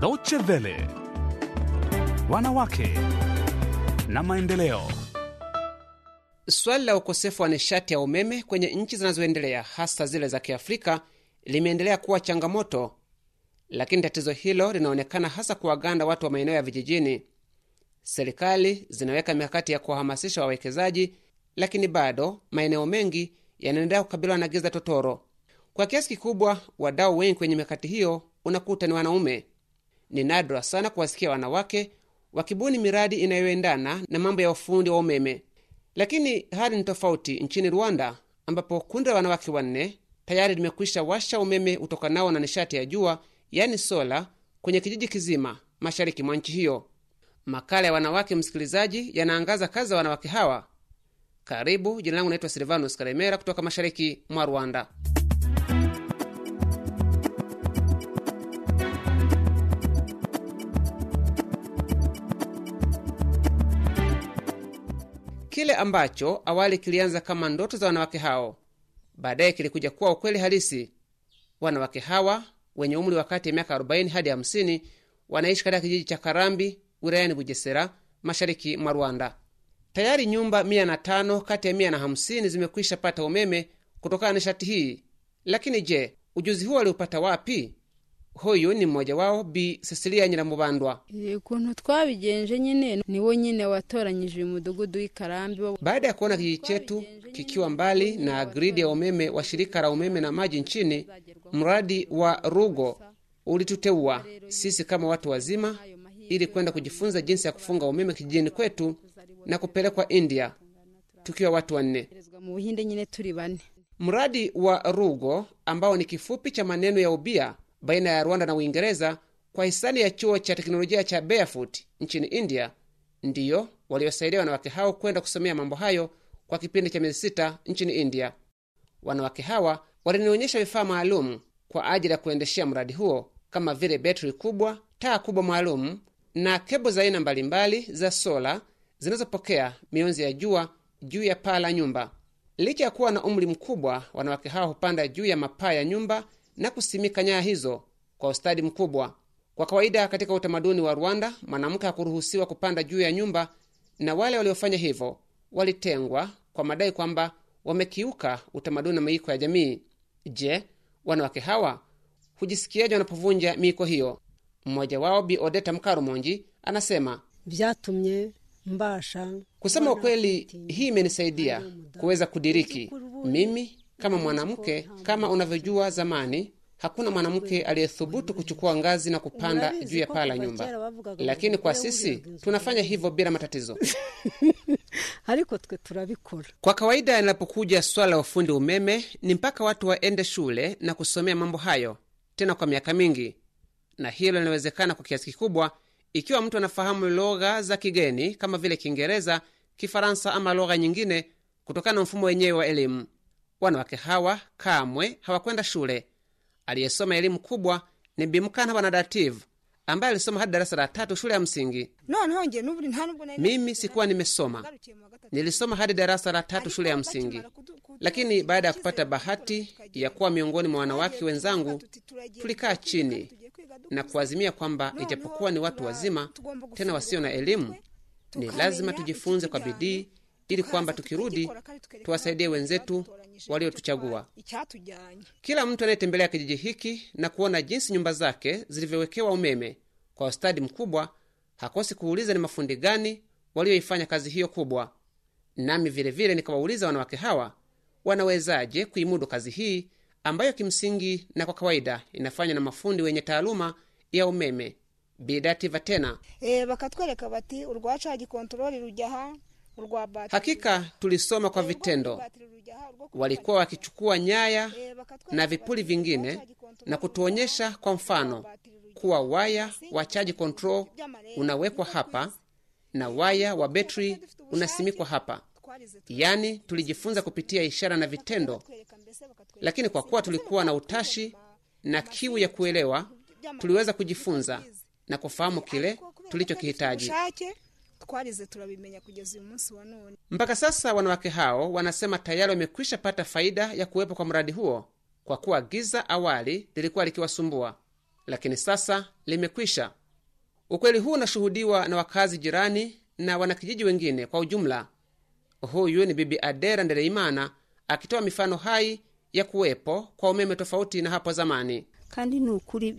Deutsche Welle, wanawake na maendeleo. Swali la ukosefu wa nishati ya umeme kwenye nchi zinazoendelea hasa zile za Kiafrika limeendelea kuwa changamoto, lakini tatizo hilo linaonekana hasa kuwaganda watu wa maeneo ya vijijini. Serikali zinaweka mikakati ya kuwahamasisha wawekezaji, lakini bado maeneo mengi yanaendelea kukabiliwa na giza totoro. Kwa kiasi kikubwa, wadau wengi kwenye mikakati hiyo unakuta ni wanaume. Ni nadra sana kuwasikia wanawake wakibuni miradi inayoendana na mambo ya ufundi wa umeme, lakini hali ni tofauti nchini Rwanda ambapo kundi la wanawake wanne tayari limekwisha washa umeme utokanao na nishati ya jua, yani sola, kwenye kijiji kizima mashariki mwa nchi hiyo. Makala ya wanawake msikilizaji, yanaangaza kazi za wanawake hawa. Karibu. Jina langu naitwa Silvanus Karemera kutoka mashariki mwa Rwanda. ambacho awali kilianza kama ndoto za wanawake hao, baadaye kilikuja kuwa ukweli halisi. Wanawake hawa wenye umri wa kati ya miaka 40 hadi 50 wanaishi katika kijiji cha Karambi wilayani Bujesera, mashariki mwa Rwanda. Tayari nyumba 105 kati ya 150 zimekwisha pata umeme kutokana na nishati hii. Lakini je, ujuzi huo waliupata wapi? Huyu ni mmoja wao, Bi Cecilia Nyiramubandwa. Eh, ukuntu twabigenje nyine niwo nyine watoranyije uyu mudugudu w'ikarambi. Baada ya kuona kijiji chetu kikiwa mbali na gridi ya umeme wa shirika la umeme na maji nchini, mradi wa Rugo ulituteua sisi kama watu wazima ili kwenda kujifunza jinsi ya kufunga umeme kijijini kwetu na kupelekwa India tukiwa watu wanne. Mradi wa Rugo ambao ni kifupi cha maneno ya ubia baina ya Rwanda na Uingereza kwa hisani ya chuo cha teknolojia cha Barefoot nchini India, ndiyo waliosaidia wanawake hao kwenda kusomea mambo hayo kwa kipindi cha miezi sita nchini India. Wanawake hawa walinionyesha vifaa maalum kwa ajili ya kuendeshea mradi huo kama vile betri kubwa, taa kubwa maalum na kebo za aina mbalimbali za sola zinazopokea mionzi ya jua juu ya paa la nyumba. Licha ya kuwa na umri mkubwa, wanawake hawa hupanda juu ya mapaa ya nyumba na kusimika nyaya hizo kwa ustadi mkubwa. Kwa kawaida katika utamaduni wa Rwanda, mwanamke hakuruhusiwa kupanda juu ya nyumba, na wale waliofanya hivyo walitengwa kwa madai kwamba wamekiuka utamaduni na miiko ya jamii. Je, wanawake hawa hujisikiaje wanapovunja miiko hiyo? Mmoja wao Bi Odeta Mkarumonji anasema vyatumye mbasha. Kusema ukweli, hii imenisaidia kuweza kudiriki mimi kama mwanamke. Kama unavyojua, zamani hakuna mwanamke aliyethubutu kuchukua ngazi na kupanda juu ya paa la nyumba, lakini kwa sisi tunafanya hivyo bila matatizo. Kwa kawaida, linapokuja swala la ufundi umeme, ni mpaka watu waende shule na kusomea mambo hayo tena kwa miaka mingi, na hilo linawezekana kwa kiasi kikubwa ikiwa mtu anafahamu lugha za kigeni kama vile Kiingereza, Kifaransa ama lugha nyingine, kutokana na mfumo wenyewe wa elimu. Wanawake hawa kamwe hawakwenda shule. Aliyesoma elimu kubwa ni Bimkana Wanadative ambaye alisoma hadi darasa la tatu shule ya msingi. Mimi sikuwa nimesoma, nilisoma hadi darasa la tatu shule ya msingi, lakini baada ya kupata bahati ya kuwa miongoni mwa wanawake wenzangu, tulikaa chini na kuazimia kwamba ijapokuwa ni watu wazima tena wasio na elimu, ni lazima tujifunze kwa bidii, ili kwamba tukirudi tuwasaidie wenzetu waliotuchagua. Kila mtu anayetembelea kijiji hiki na kuona jinsi nyumba zake zilivyowekewa umeme kwa ustadi mkubwa hakosi kuuliza ni mafundi gani walioifanya kazi hiyo kubwa. Nami vilevile nikawauliza wanawake hawa wanawezaje kuimudu kazi hii ambayo kimsingi na kwa kawaida inafanywa na mafundi wenye taaluma ya umeme bidativa tena e, eh, bakatwereka bati urwacaji rujya ha Hakika tulisoma kwa vitendo, walikuwa wakichukua nyaya e, na vipuli vingine na kutuonyesha kwa mfano kuwa waya wa chaji control unawekwa hapa na waya wa betri unasimikwa hapa. Yaani, tulijifunza kupitia ishara na vitendo, lakini kwa kuwa tulikuwa na utashi na kiu ya kuelewa, tuliweza kujifunza na kufahamu kile tulichokihitaji twarize turabimenya kugeza uyu munsi wa none. Mpaka sasa wanawake hao wanasema tayari wamekwisha pata faida ya kuwepo kwa mradi huo, kwa kuwa giza awali lilikuwa likiwasumbua, lakini sasa limekwisha. Ukweli huu unashuhudiwa na wakazi jirani na wanakijiji wengine kwa ujumla. Huyu ni Bibi Adera Ndereimana akitoa mifano hai ya kuwepo kwa umeme tofauti na hapo zamani kandi ni ukuri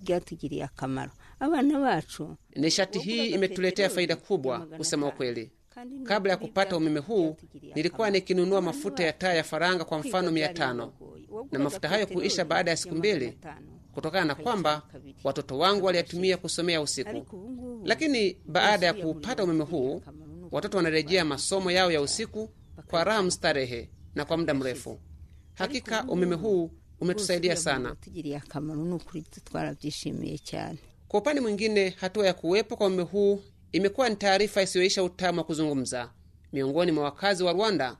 byatugiriye akamaro abana bacu. Nishati hii imetuletea faida kubwa kusema ukweli. Kabla ya kupata umeme huu nilikuwa nikinunua mafuta ya taa ya faranga kwa mfano mia tano na mafuta hayo kuisha baada ya siku mbili, kutokana na kwamba watoto wangu waliyatumia kusomea usiku. Lakini baada ya kuupata umeme huu, watoto wanarejea masomo yao ya usiku kwa raha mstarehe na kwa muda mrefu. Hakika umeme huu umetusaidia sana. Kwa upande mwingine, hatua ya kuwepo kwa mume huu imekuwa ni taarifa isiyoisha utamu wa kuzungumza miongoni mwa wakazi wa Rwanda.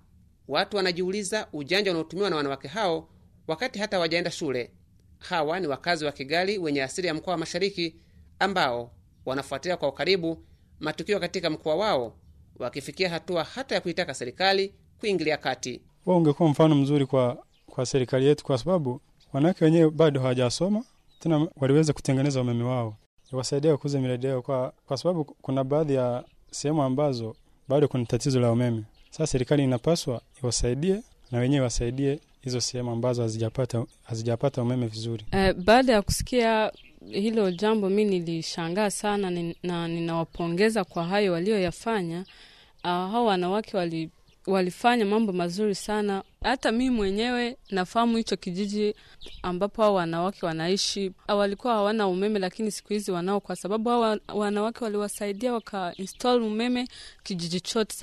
Watu wanajiuliza ujanja unaotumiwa na wanawake hao wakati hata wajaenda shule. Hawa ni wakazi wa Kigali wenye asili ya mkoa wa Mashariki ambao wanafuatilia kwa ukaribu matukio katika mkoa wao, wakifikia hatua hata ya kuitaka serikali kuingilia kati. ungekuwa mfano mzuri kwa, kwa serikali yetu, kwa sababu wanawake wenyewe bado hawajasoma tena waliweza kutengeneza umeme wao, iwasaidia kukuza miradi yao, kwa, kwa sababu kuna baadhi ya sehemu ambazo bado kuna tatizo la umeme. Sasa serikali inapaswa iwasaidie na wenyewe iwasaidie hizo sehemu ambazo hazijapata hazijapata umeme vizuri. Uh, baada ya kusikia hilo jambo mi nilishangaa sana na ninawapongeza kwa hayo walioyafanya. Uh, ah, hao wanawake wali walifanya mambo mazuri sana. Hata mimi mwenyewe nafahamu hicho kijiji ambapo hao wanawake wanaishi, walikuwa hawana umeme, lakini siku hizi wanao, kwa sababu hao wanawake waliwasaidia waka umeme kijiji chote.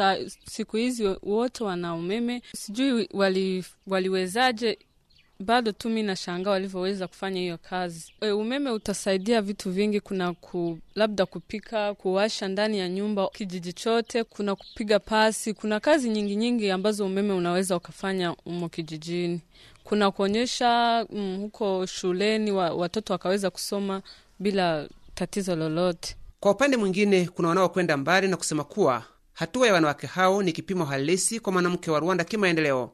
Siku hizi wote wana umeme, sijui wali, waliwezaje bado tu mi shanga walivyoweza kufanya hiyo kazi. E, umeme utasaidia vitu vingi. Kuna ku, labda kupika, kuwasha ndani ya nyumba kijiji chote, kuna kupiga pasi, kuna kazi nyingi nyingi ambazo umeme unaweza ukafanya umo kijijini. Kuna kuonyesha mm, huko shuleni wa, watoto wakaweza kusoma bila tatizo lolote. Kwa upande mwingine, kuna wanaokwenda mbali na kusema kuwa hatua ya wanawake hao ni kipimo halisi kwa mwanamke wa Rwanda kimaendeleo.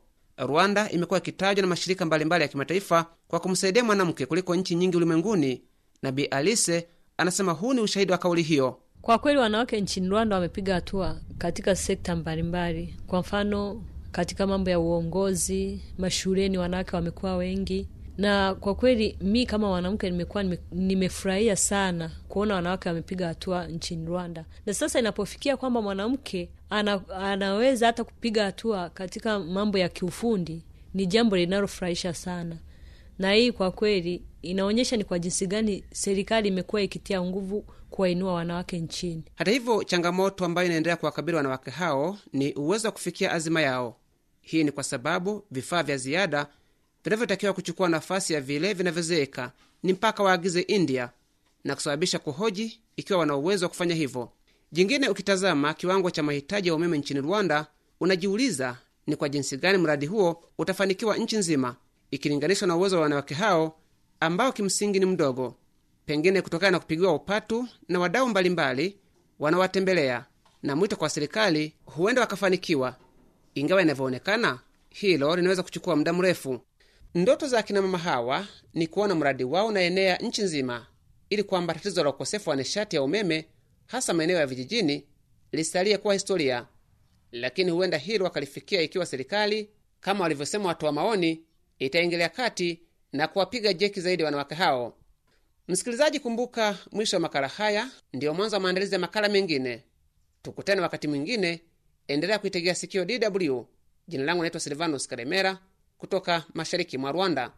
Rwanda imekuwa ikitajwa na mashirika mbalimbali mbali ya kimataifa kwa kumsaidia mwanamke kuliko nchi nyingi ulimwenguni, na Bi Alise anasema huu ni ushahidi wa kauli hiyo. Kwa kweli wanawake nchini Rwanda wamepiga hatua katika sekta mbalimbali, kwa mfano katika mambo ya uongozi mashuleni, wanawake wamekuwa wengi na kwa kweli mi kama mwanamke nimekuwa nime, nimefurahia sana kuona wanawake wamepiga hatua nchini Rwanda, na sasa inapofikia kwamba mwanamke ana, anaweza hata kupiga hatua katika mambo ya kiufundi ni jambo linalofurahisha sana, na hii kwa kweli inaonyesha ni kwa jinsi gani serikali imekuwa ikitia nguvu kuwainua wanawake nchini. Hata hivyo, changamoto ambayo inaendelea kuwakabili wanawake hao ni uwezo wa kufikia azima yao. Hii ni kwa sababu vifaa vya ziada vinavyotakiwa kuchukua nafasi ya vile vinavyozeeka ni mpaka waagize India na kusababisha kuhoji ikiwa wana uwezo wa kufanya hivyo. Jingine, ukitazama kiwango cha mahitaji ya umeme nchini Rwanda, unajiuliza ni kwa jinsi gani mradi huo utafanikiwa nchi nzima ikilinganishwa na uwezo wa wanawake hao ambao kimsingi ni mdogo, pengine kutokana na kupigiwa upatu na wadau mbalimbali wanaowatembelea na mwito kwa serikali, huenda wakafanikiwa, ingawa inavyoonekana hilo linaweza kuchukua muda mrefu. Ndoto za akinamama mama hawa ni kuona mradi wao unaenea nchi nzima, ili kwamba tatizo la ukosefu wa nishati ya umeme hasa maeneo ya vijijini lisalie kuwa historia. Lakini huenda hilo wakalifikia ikiwa serikali, kama walivyosema wa maoni, itaingilia kati na kuwapiga jeki zaidi wanawake hao. Msikilizaji, kumbuka, mwisho wa makala haya ndiyo mwanzo wa maandalizi ya makala mengine. Tukutane wakati mwingine. Endelea kuitegea sikio DW. Jina langu naitwa Silvanus Karemera kutoka mashariki mwa Rwanda.